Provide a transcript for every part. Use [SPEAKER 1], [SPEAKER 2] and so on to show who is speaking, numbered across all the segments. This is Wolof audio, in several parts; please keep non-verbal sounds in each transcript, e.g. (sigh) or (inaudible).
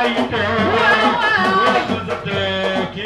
[SPEAKER 1] waayu tee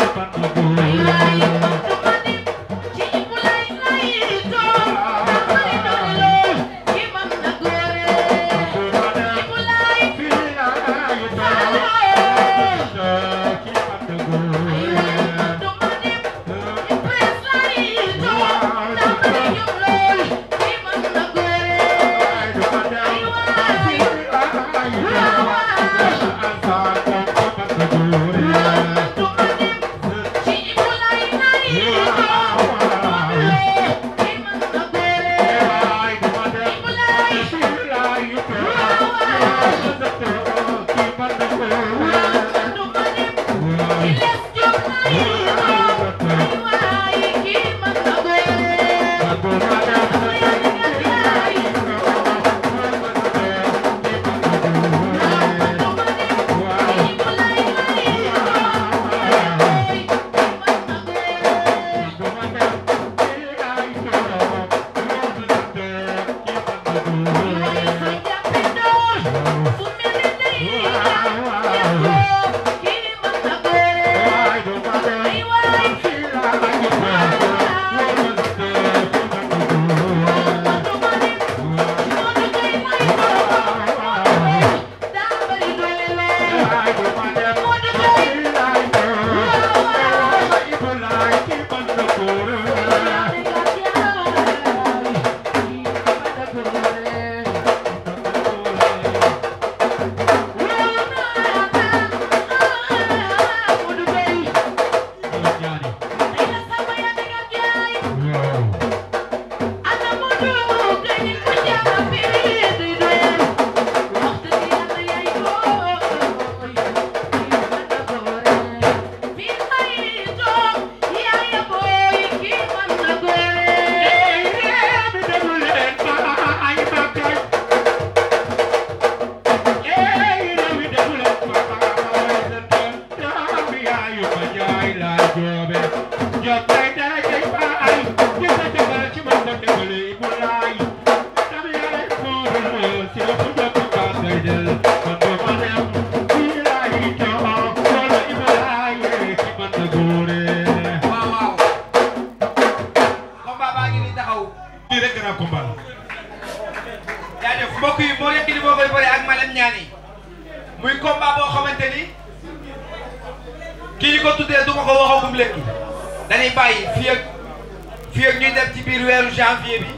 [SPEAKER 1] janvier bi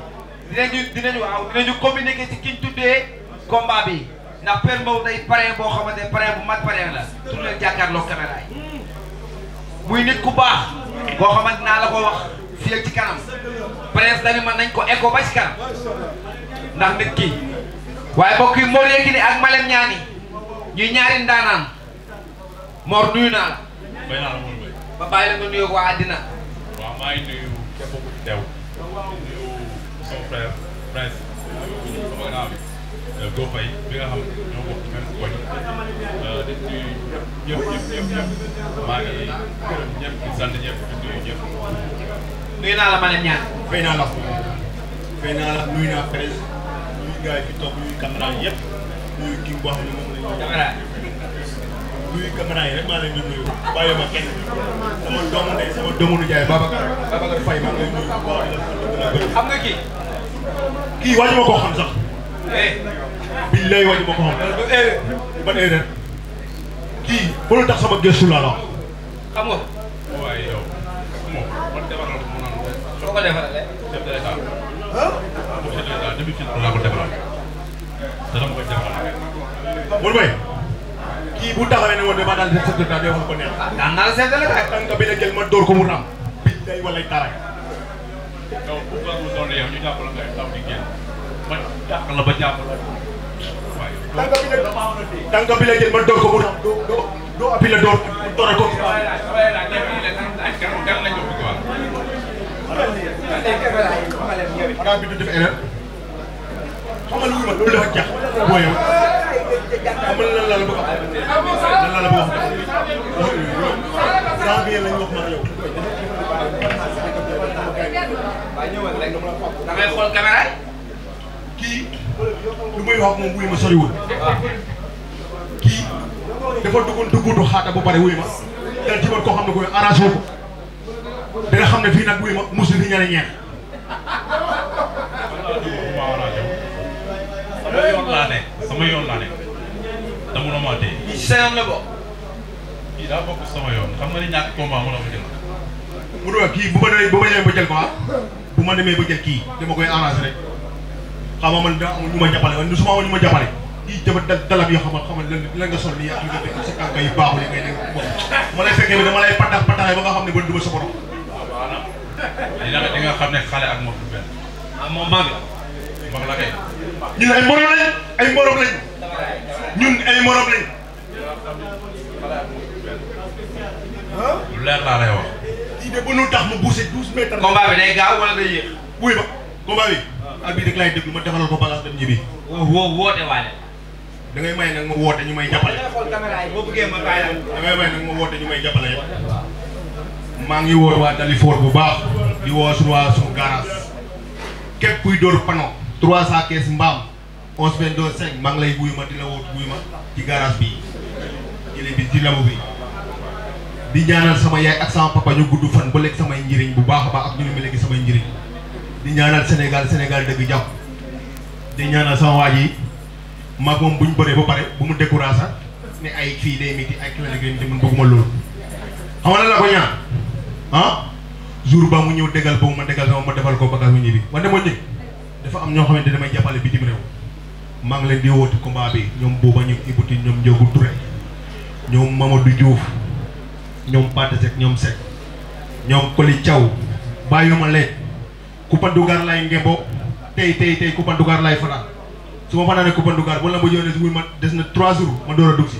[SPEAKER 1] dinañu dinañu waaw dinañu communiquer ci kiñ tuddee combat bi ndax Père Mbow day parrain boo xamante ne parrain bu mat parrain la tur leen jàkkaarloo caméra yi muy nit ku baax boo xamante naa la ko wax fii ak ci kanam presse dañu mën nañ ko écho ba ci kanam ndax nit ki waaye mbokk yi Mor Yekini ak Malem Niani ñuy ñaari ndaanaan Mor nuyu naa la.
[SPEAKER 2] bay naa la Mor Mbaye.
[SPEAKER 1] ba bàyyi la nga nuyoog waa àddina.
[SPEAKER 2] waaw maa ngi nuyu képp ku teew. nuyu son frère prince programme Gopay bi nga xam ñoo bokk ci même koñ di nuyu ñëpp ñëpp ñëpp
[SPEAKER 1] ñëpp maa ngi gërëm ñëpp di sant ñëpp di nuyu ñëpp. nuyu naa la ma leen ñaan. fay naa la fay naa la nuyu naa presse nuyu gars yi fi toog nuyu caméra yëpp nuyu kii boo xam ne moom la ñu. nuyu caméra yi rek maa leen di nuyu bàyyi ma kenn sama doomu ndey sama doomu nijaay Babacar Babacar Faye maa ngi lay nuyu waaw di la sant xam nga kii kii waaju ma koo xam sax eh. billaay waaju ma ko xam ban erreur kii ba lu tax sama gëstu laa la xam nga waaye yow moom man defaral ko mu naan soo ko defaralee
[SPEAKER 2] chef de l'état chef de l'état depuis ci laa ko defaral te dama koy defaral
[SPEAKER 1] Mourou Mbaye kii bu taxawee ne woon dama daal di seetlu daal di wax ko neex. daan naa la seetlu rek. tànk bi la jël ma dóor ko mu ram. biñ day wala dara.
[SPEAKER 2] donc bu ko mu doon yow ñu jàpp la ngay taw di génn man jàpp la ba jàpp la.
[SPEAKER 1] waaye tànk bi la tànk bi la jël ma dóor ko mu ram. doo doo doo appui la dóor dóor ko. xanaa bi du def erreur xamal lu ma loolu dafa jax booyam xamal lan la la bëgg janvier lañ wax ma yow. da ngay xool caméra yi. kii lu muy wax moom wuy ma soriwul. kii dafa dugg duggutu xaata bu bari wuy ma dana jëmbat koo xam ne koy arrangé wu ko dina xam ne fii nag wuy ma mosul fi ñaari ñeent.
[SPEAKER 2] sama yoon laa ne sama yoon laa ne.
[SPEAKER 1] dama la maa dee. seen la bokk. kii daa bokk sama yoon xam nga ni ñàkk combat ma la mu doon ma demee bu ma demee ko bu ma demee ba jël kii dama koy arrangé rek xam nga man daa amul ñu ma jàppale wala su ma amul ñu ma jàppale kii dafa dal dalab yoo xam nga xam nga lan nga sol sa kànga yu baaxul yi ngay def ma lay fekkee dama lay patax patax ba nga xam ne ba du ma sa borom. di nga xam ne
[SPEAKER 2] xale ak moom du benn. ah
[SPEAKER 1] moom mag la. kay. ñun ay ay morom lañ lu leer laa lay wax. lii de mënul tax ma bousee douze mètres. combat a day a wala day yéex. wuy ma combat bi. waaw bii rek laay déglu ma defalal ko balaa dem ñibbi. woo woo da ngay may nag ma woote ñu may jàppale. boo bëggee ma bàyyi may nag ma woote ñu may jàppale yëpp. maa ngi woote waa Dalifor bu baax. di woo suñu waa suñu garage. képp kuy dóor pano. trois cent quinze mbaam. onze vingt deux cinq maa lay wuyu ma di la woote wuyu ma ci garage bi jëlee bi ci labu bi. di ñaanal sama yaay ak sama papa ñu gudd fan ba lekk samay njëriñ bu baax a baax ak ñu ne léegi samay njëriñ di ñaanal Sénégal Sénégal dëgg jàpp di ñaanal sama waaj yi maag moom bu ñu bëree ba pare bu mu découragé ne ay fii day métti ay kilomètres yi mën bëgguma loolu. xam nga la ko ah? jour ba mu ñëw dégal ma dégal ma defal ko bagage mu ñibbi wante moo ñoo xamante ne damay jàppale bitim réew maa ngi leen di woote combat bi ñoom Bouba ñoom Ibouti ñoom Ndiogou Touré ñoom Mamadou Diouf. ñoom Pate Seck ñoom Seck ñoom Koli Thiaw bàyyuma leen Coupa Dougar lay ngembo tey tey tey Coupa Dougar lay fanaan su ma fanaanee Coupa Dougar wala ma yónnee si wuy ma des na trois jours ma door a dugg si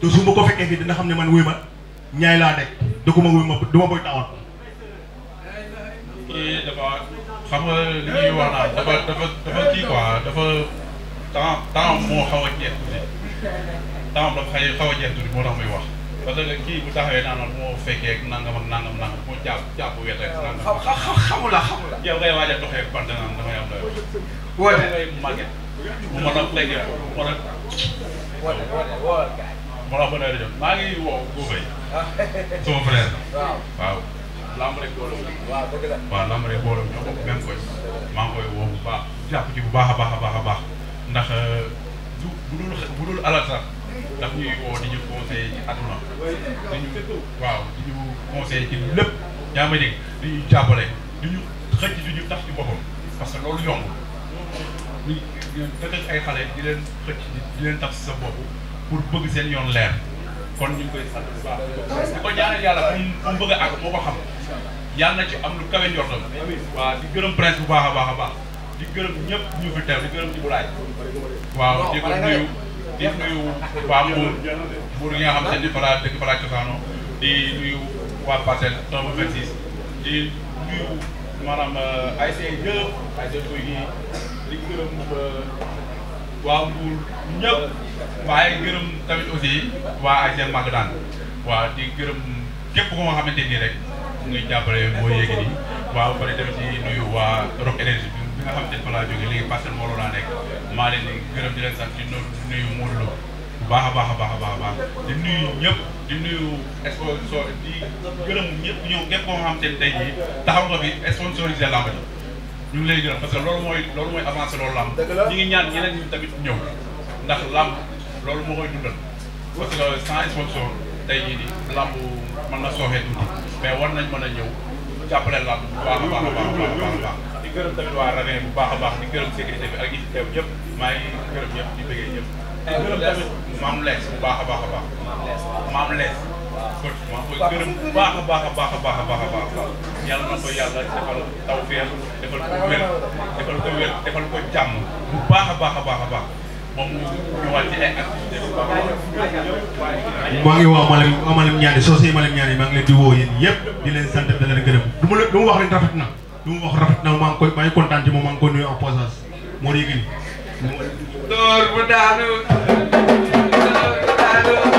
[SPEAKER 1] te su ma ko fekkee fii dina xam ne man wuy ma ñaay laa nekk dëkku ma wuy ma du ma koy dafa
[SPEAKER 2] xam nga li ñuy wax naan dafa dafa dafa kii quoi dafa temps temps moo xaw a jeex tuuti temps dafa xaw a jeex tuuti moo tax muy wax. parce que kii bu taxawee naan moo fekkee nangam ak nangam nangam moo jàpp jàpp wet rek. xam xam xamula xamula. yow ngay waaj a doxee ban danaa damay am doyoo. woote ngay màgget. mu mën a fekkee mu mën a. woote woote woote gaay. mën a fa doy rajo maa ngi woo Goubey. Ah. (laughs) sama frère. waaw waaw. lamb rek boolem. waaw dëgg la waaw lamb rek boolem ñoo bokk même koy. maa ngi koy woo bu baax jàpp ci bu baax a baax a baax a baax ndax euh, du bu dul bu dul alal sax. daf ñuy woo di ñu conseillé ci aduna dañu waaw di ñu conseillé ci lépp yaa di ñu jàppale di ñu xëcc di ñu tax ci boppam parce que loolu yomb ñu dëkk ay xale di leen xëcc di leen tax sa bopp pour bëgg seen yoon leer kon ñu koy sant bu baax di ko ñaanal
[SPEAKER 1] yàlla fu mu
[SPEAKER 2] bëgg a àgg moo xam yàlla na ci am lu kawe njortam waaw di gërëm presse bu baax a baax a baax di gërëm ñëpp ñu fi teew di gërëm ci bulaay waaw di ko nuyu di nuyu waa Mbour Mbour yi xam te ni balaa dëkk balaa cosaanoo di nuyu waa Parcelles nombre 26 di nuyu maanaam euh, ay see yëpp ay see koy gi di gërëm euh, waa Mbour ñëpp waaye gërëm tamit aussi waa ay see màgg daan di gërëm képp ku ma xamante nii rek mu ngi jàppale boo yéegi nii waaw pare tamit di nuyu waa Rock Énergie bi nga xam ne fa laa jógee léegi parcelle mbooloo laa nekk maa leen di gërëm di leen sant di nuyu Modou Lo baax a baax a baax a baax a baax di nuyu ñëpp di nuyu sponsor di gërëm ñëpp ñëw képp koo xam te tey jii taxaw nga fi sponsorisé lamb ji ñu ngi lay gërëm parce que loolu mooy loolu mooy avancé loolu lamb ñi ngi ñaan ñeneen ñi tamit ñëw ndax lamb loolu moo koy dundal parce que sans sponsor tey jii nii lamb mën na sooxee tuuti mais war nañ ma a ñëw jàppale lamb bu a
[SPEAKER 1] di gërëm tamit waa
[SPEAKER 2] Ranérou bu baax a baax di gërëm sécurité bi ak ñi ci teew ñëpp maa ngi gërëm ñëpp di bëggee ñëpp. di gërëm tamit maam lees bu baax a baax a baax. maam lees maa koy gërëm bu baax a baax a baax a baax a baax a baax yàlla na ko yàlla defal tawfeex defal ko wér defal ko wér defal ko jàmm bu baax a baax a baax a baax moom ñu ñëwaat ci ay activité bu baax
[SPEAKER 1] maa ngi woo Malem Malem Niani soo see Malem Niani maa ngi leen di woo yéen yëpp di leen sant di leen gërëm du ma la du ma wax leen rafet na lu mu wax na maa ngi koy maa ngi kontaan ci moom maa ngi koy nuyu moo di yëg daanu door bu daanu